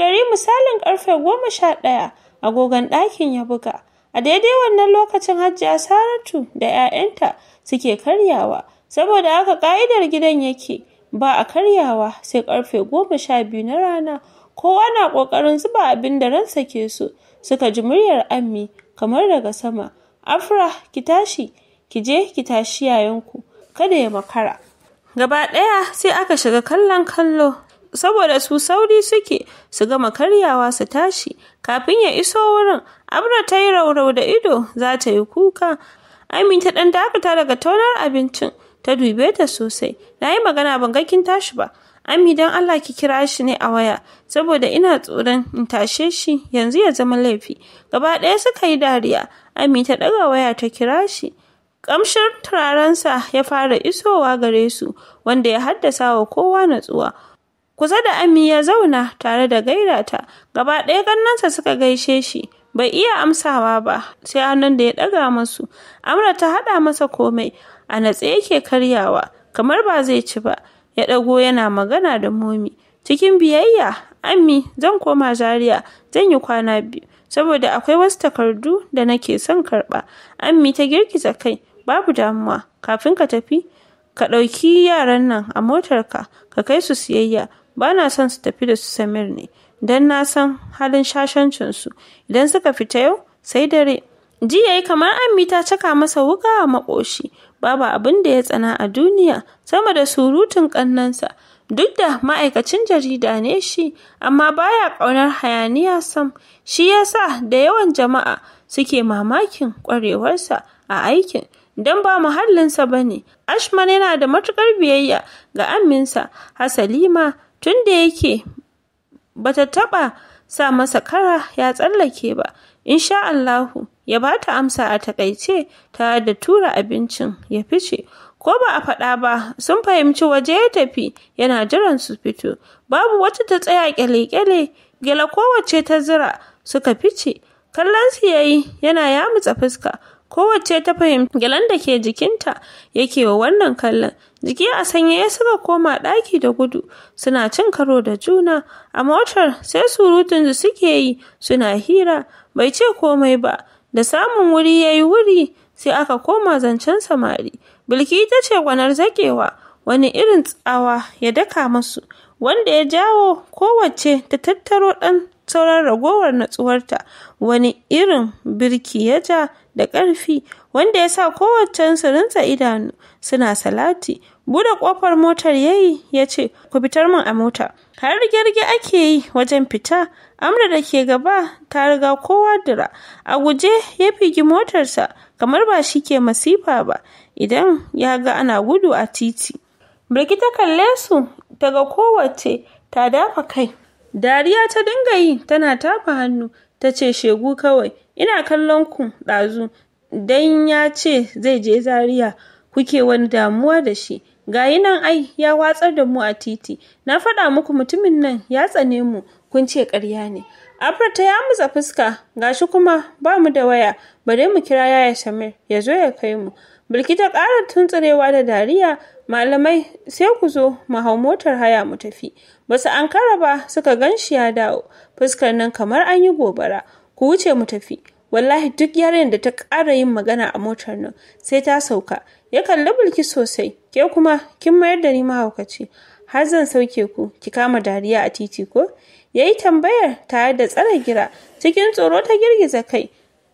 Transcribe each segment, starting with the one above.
Gari misalin karfe goma sha ɗaya agogon ɗakin ya buga. A daidai wannan lokacin hajjiya Saratu da 'ya'yanta suke karyawa, saboda haka ka'idar gidan yake ba a karyawa sai karfe goma sha biyu na rana. Kowa na ƙoƙarin zuba abin da ransa ke so, suka ji muryar Ammi kamar daga sama. Afra, ki tashi, ki je ki tashi yayanku, kada ya makara. Gaba ɗaya sai aka shiga kallon kallo saboda su sauri suke su gama karyawa su tashi kafin ya iso wurin abra ta yi raurau da ido za ta yi kuka amin ta dan dakata daga taunar abincin ta dube ta sosai na yi magana ban ga kin tashi ba ami don allah ki kira shi ne a waya saboda ina tsoron in tashe shi yanzu ya zama laifi gaba ɗaya suka yi dariya ami ta ɗaga waya ta kira shi kamshin turarensa ya fara isowa gare su wanda ya haddasa wa kowa natsuwa kusa da Ami ya zauna tare da gairata, gaba ɗaya gannansa suka gaishe shi, bai iya amsawa ba, sai hannun da ya ɗaga masu. Amra ta haɗa masa komai, a natse yake karyawa, kamar ba zai ci ba, ya ɗago yana magana da momi. Cikin biyayya, Ami zan koma Zaria, zan yi kwana biyu, saboda akwai wasu takardu da nake son karɓa. Ami ta girgiza kai, babu damuwa, kafin ka tafi, ka ɗauki yaran nan a motarka, ka kai su siyayya. ba na son su tafi da su Samir ne, don na san halin shashancinsu. Idan suka fita yau, sai dare. Jiya kamar Ammi ta caka masa wuka a makoshi, babu abin da ya tsana a duniya sama da surutun ƙannansa. Duk da ma'aikacin jarida ne shi, amma baya ƙaunar hayaniya sam, shi yasa da yawan jama'a suke mamakin ƙwarewarsa a aikin. don ba muhallinsa ba ne. Ashman yana da matukar biyayya ga aminsa, hasali ma tun da yake bata taɓa sa masa kara ya tsallake ba insha Allahu ya ba ta amsa a takaice tare da tura abincin ya fice ko ba a faɗa ba sun fahimci waje ya tafi yana jiran su fito babu wata ta tsaya kyale-kyale gyala kowace ta zira suka fice kallon su yayi yana yamutsa fuska kowace ta fahimci gyalan da ke jikinta yake wa wannan kallon Jiki a sanye ya suka koma ɗaki da gudu suna cin karo da juna a motar sai surutun da suke yi suna hira bai ce komai ba da samun wuri ya yi wuri sai aka koma zancen samari. Bilki ta ce gwanar zakewa wani irin tsawa ya daka masu wanda ya jawo kowace ta tattaro ɗan sauran ragowar natsuwarta wani irin birki ya ja da ƙarfi wanda ya sa kowaccensu rintsa idanu suna salati buɗe ƙofar motar ya yi ya ce ku fitar min a mota har rigirgi ake yi wajen fita amra da ke gaba ta riga kowa dira a guje ya figi motarsa kamar ba shi ke masifa ba idan ya ga ana gudu a titi birki ta kalle su daga kowace ta dafa kai dariya ta dinga yi tana tafa hannu ta ce shegu kawai Ina kallon ku ɗazu dan ya ce zai je Zariya kuke wani damuwa da shi. Gayi nan ai ya watsar da mu a titi. Na faɗa muku mutumin nan ya tsane mu kun ce ƙarya ne. Afra ta mutsa fuska gashi kuma ba mu da waya bare mu kira yaya Shamir ya zo ya kai mu. Bilki ta ƙara tuntsurewa da dariya malamai sai ku zo mu hau motar haya mu tafi. Basu ankara ba suka gan shi ya dawo fuskar nan kamar an yi gobara. ku wuce mu tafi wallahi duk yaren da ta ƙara yin magana a motar nan sai ta sauka ya kalli bulki sosai ke kuma kin mayar da ni mahaukaci har zan sauke ku ki kama dariya a titi ko ya yi tambayar tare da tsare gira cikin tsoro ta girgiza kai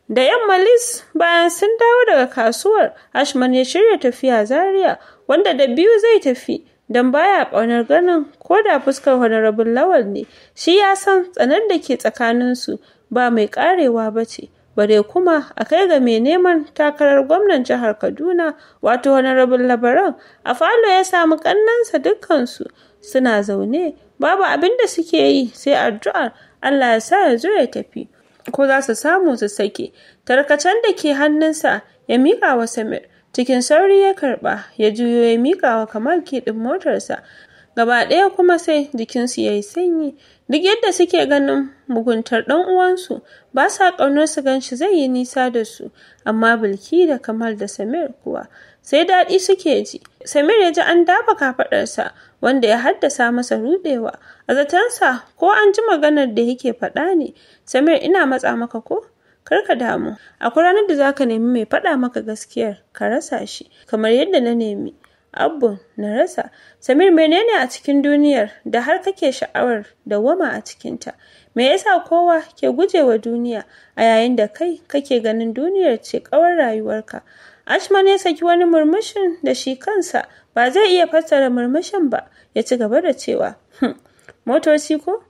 da yamma lis bayan sun dawo daga kasuwar ashman ya shirya tafiya zaria wanda da biyu zai tafi don baya ƙaunar ganin ko da fuskar honorable lawal ne shi ya san tsanar da ke tsakaninsu ba mai karewa ba ce bare kuma a kai ga mai neman takarar gwamnan jihar Kaduna wato Honorable Labaran a falo ya samu kannansa dukkansu suna zaune babu abin da suke yi sai addu'ar Allah ya sa ya zo ya tafi ko za su samu su sake tarkacen da ke hannunsa ya mika wa Samir cikin sauri ya karba ya juyo ya mika wa Kamal kiɗin motarsa gaba ɗaya kuma sai jikinsu ya yi sanyi duk yadda suke ganin muguntar ɗan uwansu ba sa ƙaunar su gan shi, zai yi nisa da su amma bilki da kamal da samir kuwa sai daɗi suke ji samir ya ji an dafa kafaɗarsa wanda ya haddasa masa ruɗewa a zatensa ko an ji maganar da yake faɗa ne samir ina matsa maka ko kar ka damu akwai ranar da za ka nemi mai faɗa maka gaskiyar ka rasa shi kamar yadda na nemi Abbu na rasa, Samir menene a cikin duniyar da har kake sha'awar dawama a cikinta? Me yasa kowa ke guje wa duniya a yayin da kai kake ganin duniyar ce kawar rayuwarka? Ashma ya saki wani murmushin da shi kansa ba zai iya fassara murmushin ba, ya ci gaba da cewa, hmm, Motoci ko?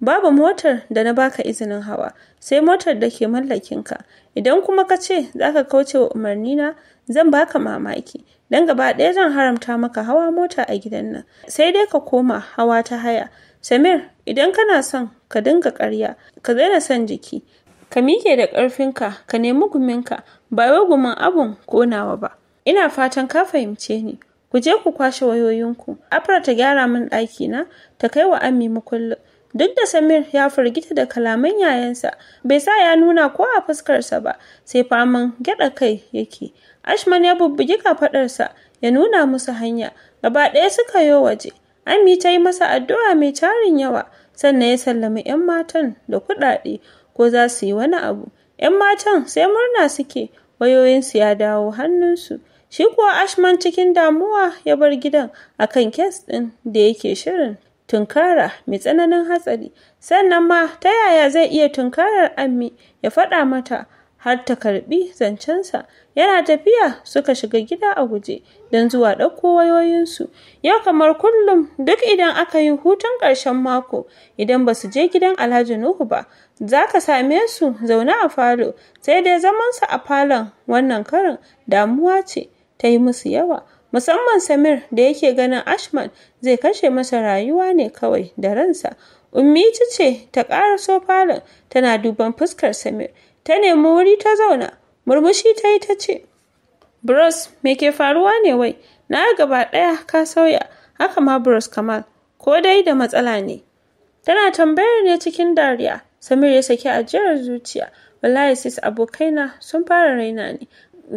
Babu motar da na baka izinin hawa, sai motar da ke mallakinka. Idan kuma ka ce za ka kauce wa umarnina, zan baka mamaki. don gaba ɗaya zan haramta maka hawa mota a gidan nan sai dai ka koma hawa ta haya samir idan kana son ka dinga ƙarya ka daina son jiki ka mike da ƙarfinka ka nemi guminka ba wai gumin abun konawa ba ina fatan ka fahimce ni ku je ku kwashe wayoyinku afra ta gyara min ɗakina ta kai wa ammi mukullin Duk da Samir ya firgita da kalaman yayansa, bai sa ya nuna ko a fuskarsa ba, sai faman gyada kai yake. Ashman ya bubbugi kafaɗarsa ya nuna musu hanya, gaba ɗaya suka yo waje. Ami ta yi masa addu'a mai tarin yawa, sannan ya sallami 'yan matan da kuɗaɗe ko za su yi wani abu. 'Yan matan sai murna suke, wayoyinsu ya dawo hannunsu. Shi kuwa Ashman cikin damuwa ya bar gidan akan kes ɗin da yake shirin tunkara mai tsananin hatsari sannan ma ta yaya zai iya tunkarar Ammi ya faɗa mata har ta karɓi zancensa yana tafiya suka shiga gida a guje don zuwa ɗauko wayoyinsu yau kamar kullum duk idan aka yi hutun ƙarshen mako idan ba su je gidan alhaji nuhu ba za ka same su zaune a falo sai dai zamansu a falon wannan karin damuwa ce ta yi musu yawa musamman Samir da yake ganin Ashman zai kashe masa rayuwa ne kawai da ransa. Ummi ce ta so falon tana duban fuskar Samir, ta nemi wuri ta zauna, murmushi ta yi ta ce, Bros, me ke faruwa ne wai? Na gaba ɗaya ka sauya, haka ma Bros Kamal, ko dai da matsala ne. Tana tambayar ne cikin dariya, Samir ya saki ajiyar zuciya, wallahi sis abokaina sun fara raina ne,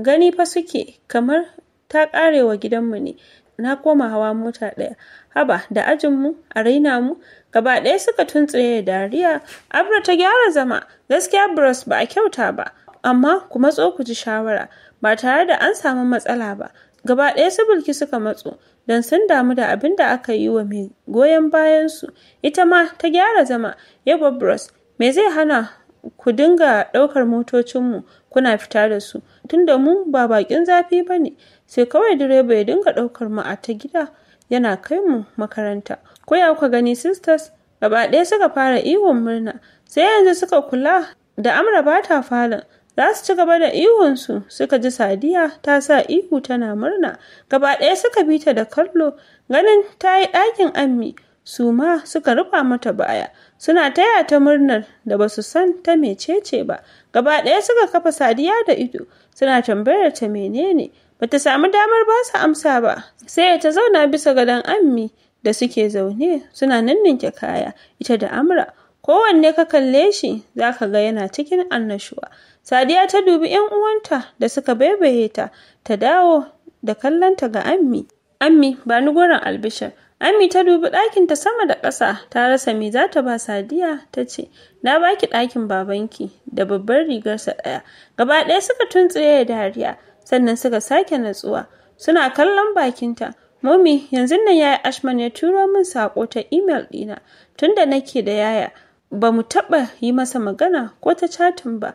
gani fa suke kamar ta ƙarewa gidanmu ne na koma hawa mota ɗaya haba da ajinmu a raina mu gaba ɗaya suka tuntsaye da dariya abra ta gyara zama gaskiya bros ba a kyauta ba amma ku matso ku ji shawara ba tare da an samu matsala ba gaba ɗaya su bulki suka matso don sun damu da abin da aka yi wa mai goyon bayansu ita ma ta gyara zama yabo bros me zai hana ku dinga ɗaukar motocinmu kuna fita da su, tunda mu ba baƙin zafi ba ne, sai kawai direba ya dinga ɗaukar mu a ta gida yana kai mu makaranta. Ko ya kuka gani sisters? Gaba ɗaya suka fara ihun murna, sai yanzu suka kula da Amra ba ta falon. Za su ci gaba da su suka ji sadiya ta sa ihu tana murna, gaba ɗaya suka bi ta da kallo ganin ta yi ɗakin ammi, su ma suka rufa mata baya. suna taya ta murnar da ba su san ta mecece ba gaba ɗaya suka kafa sadiya da ido suna tambayar ta menene ta samu damar ba su amsa ba sai ta zauna bisa gadon ammi da suke zaune suna ninninke kaya ita da amra kowanne ka kalle shi zaka ga yana cikin annashuwa sadiya ta dubi yan uwanta da suka baibaye ta ta dawo da kallonta ga ammi ammi ba ni gurin albishir Ami ta dubi ɗakinta sama da ƙasa ta rasa me za ta ba Sadiya ta ce, Na baki ɗakin babanki da babbar rigarsa ɗaya. Gaba ɗaya suka tuntsaye da dariya sannan suka sake natsuwa. Suna kallon bakinta. Mummy yanzu nan yaya Ashman ya turo min sako, ta imel ɗina tunda nake da yaya. Ba mu taɓa yi masa magana ko ta catin ba.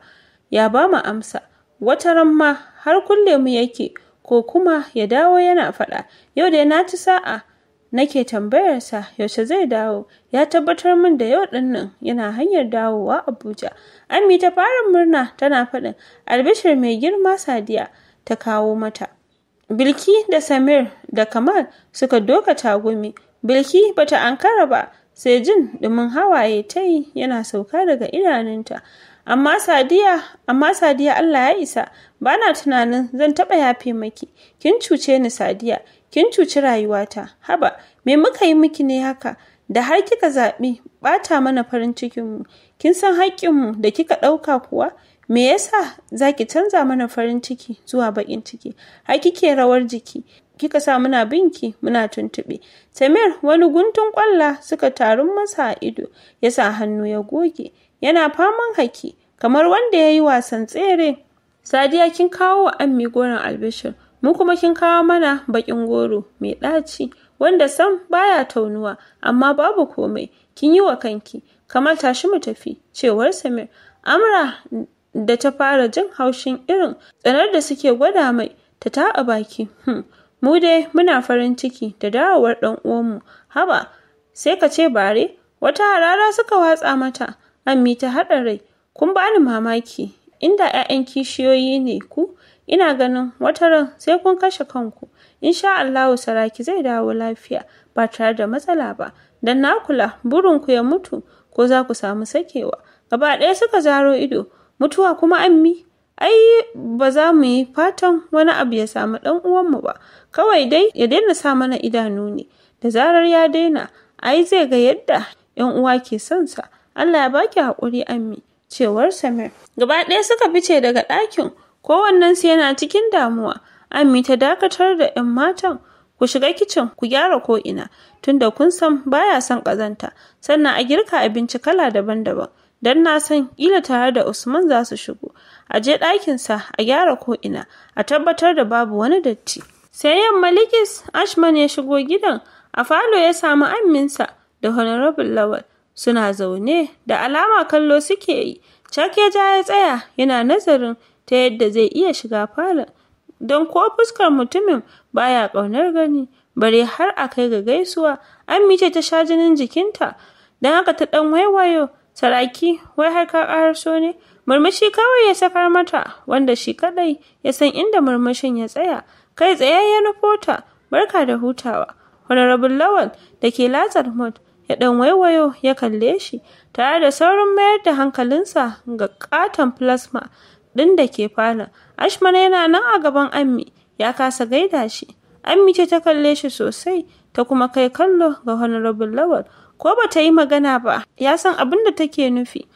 Ya ba mu amsa. Wata ran har kulle mu yake ko kuma ya dawo yana faɗa. Yau dai na ci sa'a. nake tambayarsa yaushe zai dawo ya tabbatar min da yau dinnan yana hanyar dawowa Abuja Ami ta fara murna tana faɗin albishir mai girma Sadiya ta kawo mata Bilki da Samir da Kamal suka doka tagumi Bilki bata ankara ba sai jin dumin hawaye ta yi yana sauka daga idanunta amma Sadiya amma Sadiya Allah ya isa bana tunanin zan taɓa yafe maki kin cuce ni Sadiya kin cuci rayuwata haba me muka yi miki ne haka da har kika zaɓi ɓata mana farin cikinmu kin san haƙƙinmu da kika ɗauka kuwa me yasa za ki canza mana farin ciki zuwa baƙin ciki har kike rawar jiki kika sa muna binki muna tuntuɓe Samir. wani guntun ƙwalla suka tarun masa a ido ya sa hannu ya goge yana faman haki kamar wanda ya yi wasan tsere sadiya kin kawo wa ammi goron albishir mu kuma kin kawo mana bakin goro mai ɗaci wanda sam baya taunuwa amma babu komai kin yi wa kanki kamar tashi mu tafi cewar samir amra da ta fara jin haushin irin tsanar da suke gwada mai ta ta'a baki hmm, mu dai muna farin ciki da dawowar ɗan uwanmu haba sai ka ce bare wata harara suka watsa mata ammi ta haɗa rai kun bani mamaki inda 'ya'yan kishiyoyi ne ku ina ganin Wata ran sai kun kashe kanku insha Allahu saraki zai dawo lafiya ba tare da matsala ba dan na kula burinku ya mutu ko za ku samu sakewa gaba ɗaya suka zaro ido mutuwa kuma ammi ai ba za mu yi fatan wani abu ya samu ɗan uwanmu ba kawai dai ya daina sa mana idanu ne da zarar ya daina ai zai ga yadda yan uwa ke son sa Allah ya baki haƙuri ammi cewar Samir gaba ɗaya suka fice daga ɗakin Kowannensu yana cikin damuwa. Ammi ta dakatar da ‘yan matan. Ku shiga kicin ku gyara ko'ina, tunda kun san baya son ƙazanta, sannan a girka abinci kala daban-daban, don na san ƙila tare da Usman za su shigo. A je ɗakinsa a gyara ko'ina, a tabbatar da babu wani datti. Sai yamma likis Ashman ya shigo gidan, a falo ya samu amminsa da Honorable Lawal. Suna zaune, da alama kallo suke yi. Cak ja ya tsaya, yana nazarin ta yadda zai iya shiga falon, don ko fuskar mutumin baya ya ƙaunar gani, bare har a kai ga gaisuwa. an ce ta sha jinin jikinta, don haka ta ɗan waiwayo, saraki, wai har ka ƙaraso ne? Murmushi kawai ya sakar mata, wanda shi kadai. ya san inda murmushin ya tsaya. Kai tsaye ya nufo ta, barka da hutawa. Honorable Lawal da ke latsar mot ya ɗan waiwayo ya kalle shi, tare da saurin mayar da hankalinsa ga katon plasma ɗin da ke falon. Ashmana yana nan a gaban Ammi, ya kasa gaida shi. Ammi ce ta kalle shi sosai, ta kuma kai kallo ga Honorable Lawal. Ko ba ta yi magana ba, ya san abin da take nufi.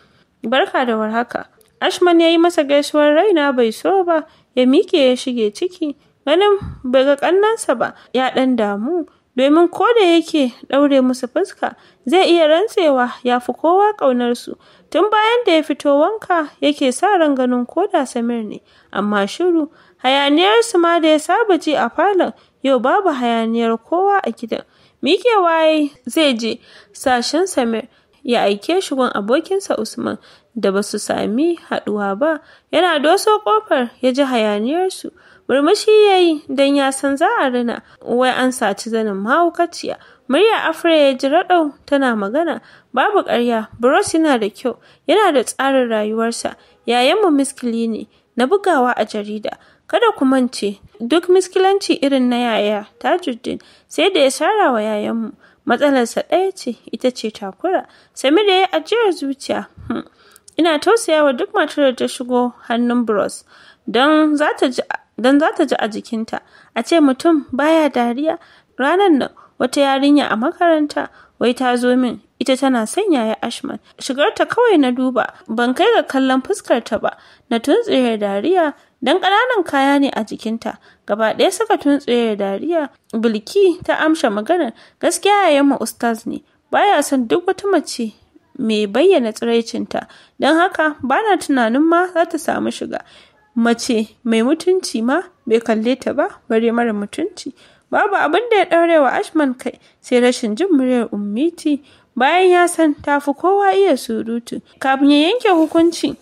Barka da warhaka. Ashman ya yi masa gaisuwar raina bai so ba, ya miƙe ya shige ciki. Ganin bai ga ƙannansa ba, ya ɗan damu. domin ko da yake ɗaure musu fuska, zai iya rantsewa ya fi kowa ƙaunarsu, tun bayan da ya fito wanka yake sa ran ganin ko da Samir ne, amma shiru, hayaniyarsu ma da ya saba ji a falon, yau babu hayaniyar kowa a gidan. Mike waye zai je sashen Samir ya aike shi abokinsa Usman da ba su sami haɗuwa ba, yana doso ƙofar ya ji hayaniyarsu. murmushi ya yi don ya san za a rina wai an saci zanin mahaukaciya murya afra ya ji raɗau tana magana babu karya. bros yana da kyau yana da tsarin rayuwarsa yayanmu miskili ne na bugawa a jarida kada ku mance duk miskilanci irin na yaya ta tajuddin sai da ya shara wa yayanmu matsalarsa ɗaya ce ita ce takura sami da ya ajiyar zuciya hmm, ina tausaya wa duk matar da ta shigo hannun bros don za ta ji don za ta ji a jikinta a ce mutum baya dariya ranar nan wata yarinya a makaranta wai ta zo min ita tana sanya ya ashman shigarta kawai na duba ban kai ga kallon fuskar ta ba na tuntsire dariya Don ƙananan kaya ne a jikinta gaba ɗaya suka tuntsire dariya bilki ta amsha maganar gaskiya yayan mu ustaz ne baya son duk wata mace mai bayyana tsiraicinta don haka bana tunanin ma za ta samu shiga mace mai mutunci ma bai kalle ta ba bare mara mutunci babu abin da ya ɗaure wa ashman kai sai rashin jin muryar ummiti bayan ya san ta fi kowa iya surutu kafin ya yanke hukunci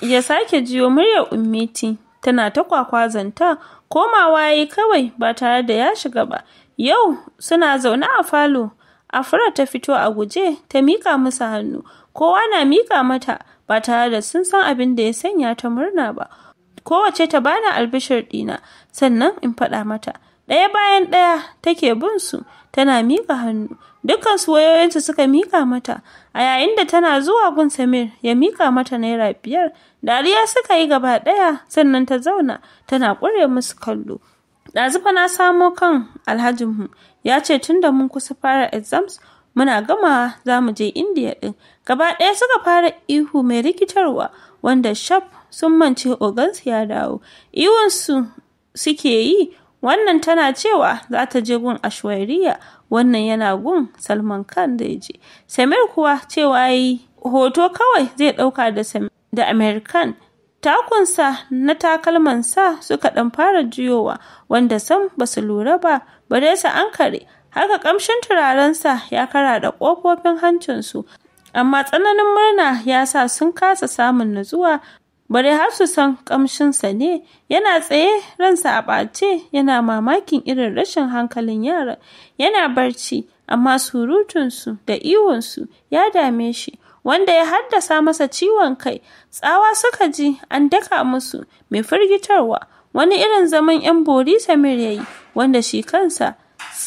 ya sake jiyo muryar ummiti tana ta kwakwazanta komawa ya yi kawai ba tare da ya shiga ba yau suna zaune a falo afra ta fito a guje ta miƙa musu hannu kowa na miƙa mata ba tare da sun san abin da ya sanya ta murna ba Kowace ta bani albishir ɗina, sannan in faɗa mata. Ɗaya bayan ɗaya take bin su, tana mika hannu. dukkan su wayoyinsu suka mika mata, a yayin da tana zuwa gun Samir ya mika mata naira biyar. Dariya suka yi gaba ɗaya, sannan ta zauna, tana ƙure musu kallo. Ɗazufa na samo kan alhajinmu, ya ce tun da mun kusa fara exams, muna gama za mu je Indiya ɗin. Gaba ɗaya suka fara ihu mai rikitarwa, wanda shaf sun mance ogansu ya dawo su suke yi wannan tana cewa za ta je gun ashwariya wannan yana gun salman khan da ya je samir kuwa cewa yi hoto kawai zai dauka da da american takunsa na takalmansa suka dan fara juyowa wanda sam basu lura ba dai su an kare haka kamshin turarensa ya kara da kofofin hancinsu amma tsananin murna ya sa sun kasa samun nutsuwa bare har su san kamshinsa ne, yana tsaye ransa a ɓace yana mamakin irin rashin hankalin yara. yana barci amma surutunsu da ihunsu ya dame shi wanda ya haddasa masa ciwon kai tsawa suka ji an daka musu mai firgitarwa wani irin zaman yan bori samir yayi wanda shi kansa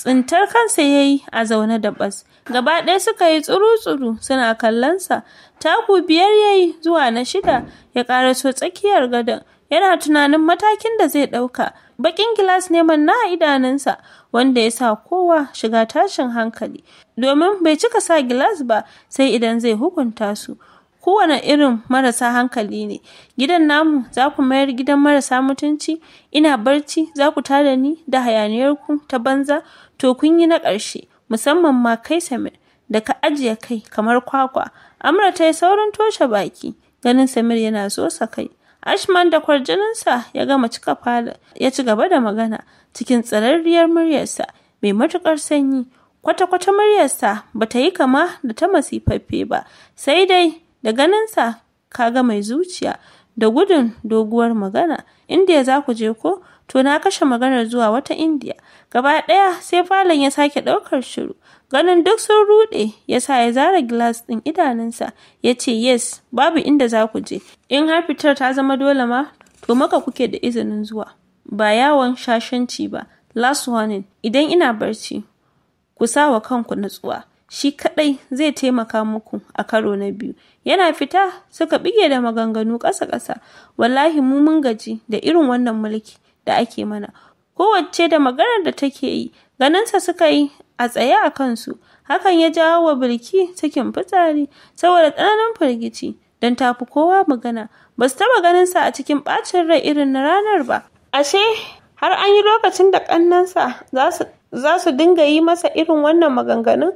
tsintar kansa ya yi a zaune da bas gaba ɗaya suka yi tsuru-tsuru suna kallonsa taku biyar ya yi zuwa na shida ya ƙaraso tsakiyar gadon yana tunanin matakin da zai ɗauka Baƙin gilas neman na idanunsa wanda ya sa kowa shiga tashin hankali domin bai cika sa gilas ba sai idan zai hukunta su kowane irin marasa hankali ne gidan namu za ku mayar gidan marasa mutunci ina barci za ku tada ni da hayaniyar ku ta banza To kun yi na ƙarshe, musamman ma kai Samir, da ka ajiye kai kamar kwakwa. Amra ta yi saurin toshe baki, ganin Samir yana so sa kai. Ashman da kwarjininsa ya gama cika fada, ya ci gaba da magana cikin tsararriyar muryarsa mai matukar sanyi. Kwata-kwata muryarsa ba ta yi kama da ta masifaffe ba, sai dai da ganinsa ga mai zuciya da gudun doguwar magana. Inda za ku je ko? to na kashe maganar zuwa wata indiya gaba ɗaya sai falon ya sake ɗaukar shiru ganin duk sun rude ya sa ya zara gilas din idanunsa ya ce yes babu inda za ku je in har fitar ta zama dole ma to maka kuke da izinin zuwa ba yawon shashanci ba last warning idan ina barci ku sa wa kanku natsuwa shi kadai zai taimaka muku a karo na biyu yana fita suka bige da maganganu ƙasa-ƙasa wallahi mu mun gaji da irin wannan mulki da ake mana kowacce da maganar da take yi ganinsa suka yi a tsaye a kansu hakan ya jawo wa bilki sakin fitsari saboda tsananin firgici don tafi kowa magana ba su taba ganinsa a cikin bacin rai irin na ranar ba ashe har an yi lokacin da kannansa za su dinga yi masa irin wannan maganganun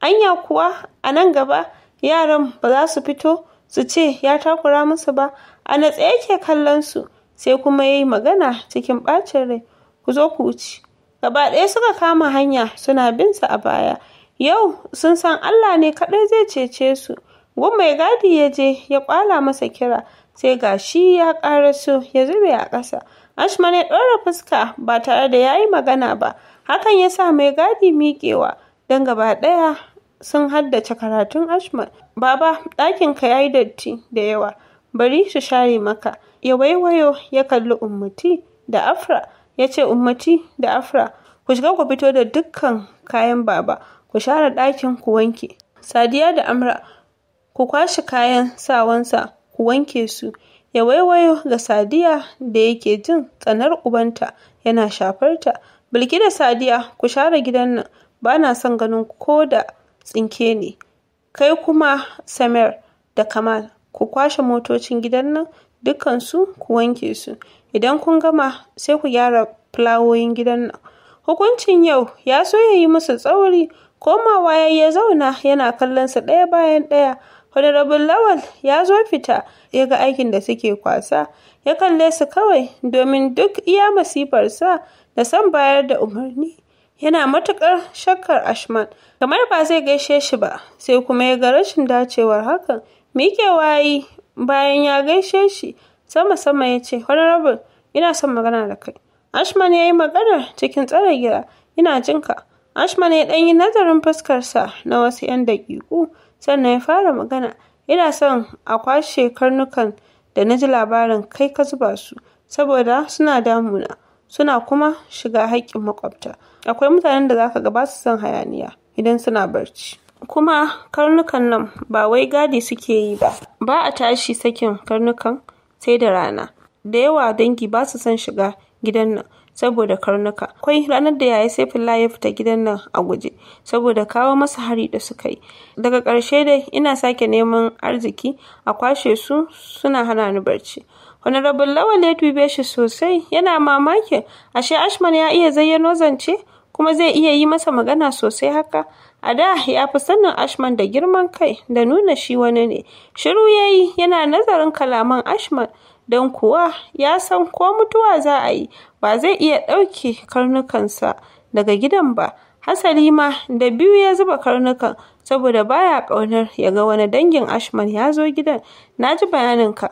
anya kuwa a nan gaba yaran ba za su fito su ce ya takura musu ba a natse yake kallon su sai kuma ya yi magana cikin ɓacin rai ku zo ku wuce gaba ɗaya suka kama hanya suna binsa a baya yau sun san Allah ne kaɗai zai cece su gun mai gadi ya je ya ƙwala masa kira sai ga shi ya ƙaraso ya zube a ƙasa Ashman ya ɗora fuska ba tare da ya yi magana ba hakan ya sa mai gadi miƙewa don gaba ɗaya sun haddace karatun Ashman baba ɗakinka ya yi datti da yawa bari su share maka ya waiwayo ya kalli Ummati da Afra ya ce Ummati da Afra ku shiga ku fito da dukkan kayan baba ku share ɗakin ku wanke. Sadiya da Amra ku kwashe kayan sawansa ku wanke su ya waiwayo ga Sadiya da yake jin tsanar ubanta yana shafarta. Bilki da Sadiya ku share gidan nan ba na son ganin ko da tsinke ne. Kai kuma Samir da Kamal ku kwashe motocin gidan nan Dukansu ku wanke su. Idan kun gama sai ku gyara fulawoyin gidan nan. Hukuncin yau ya so ya yi musu tsauri, komawa ya ya zauna yana kallon sa ɗaya bayan ɗaya. Honorable Lawal ya zo fita ya ga aikin da suke kwasa, ya kalle su kawai domin duk iya masifar sa. da san bayar da umarni. Yana matuƙar shakkar Ashman, kamar ba zai gaishe shi ba, sai kuma ya ga rashin dacewar hakan. Mike wayi Bayan ya gaishe shi, sama-sama ya ce, Honorable, ina son magana da kai. Ashman ya yi magana cikin tsare gida. ina jinka. Ashman ya ɗan yi nazarin fuskarsa na wasu 'yan daƙiƙu, sannan ya fara magana. Ina son a kwashe karnukan da na ji labarin kai ka zuba su, saboda suna damuna, suna kuma shiga haƙƙin maƙwabta. Akwai mutanen da za ka ga ba su son hayaniya idan suna barci. Kuma karnukan nan ba wai gadi suke yi ba, ba a tashi sakin karnukan sai da rana. Da yawa dangi ba su son shiga gidan nan saboda karnuka. Akwai ranar da yayi sai fulla ya fita gidan nan a guje saboda kawo masa hari da suka yi. Daga ƙarshe dai ina sake neman arziki a kwashe su suna hana ni barci. Wani Lawal ya dube shi sosai yana mamakin ashe Ashman ya iya zayyano zance kuma zai iya yi masa magana sosai haka A da ya fi sanin Ashman da girman kai da nuna shi wani ne. Shiru ya yi yana nazarin kalaman Ashman don kuwa ya san ko mutuwa za a yi ba zai iya ɗauke karnukansa daga gidan ba. Hasali ma da biyu ya zuba karnukan saboda baya ƙaunar ya ga wani dangin Ashman ya zo gidan. Na ji bayaninka.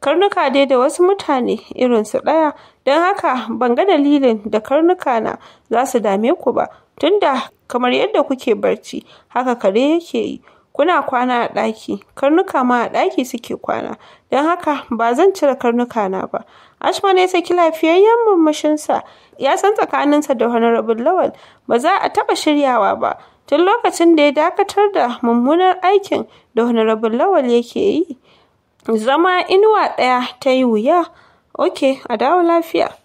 Karnuka dai da wasu mutane irinsu ɗaya don haka ban ga dalilin da karnuka na za su dame ku ba tunda kamar yadda kuke barci haka kare yake yi kuna kwana a ɗaki karnuka ma a ɗaki suke kwana don haka ba zan cire karnuka na ba ashma ne saki lafiyayyen murmushinsa ya san tsakaninsa da honorable lawal ba za a taɓa shiryawa ba tun lokacin da ya dakatar da mummunar aikin da honorable lawal yake yi zama inuwa ɗaya ta yi wuya ok a dawo lafiya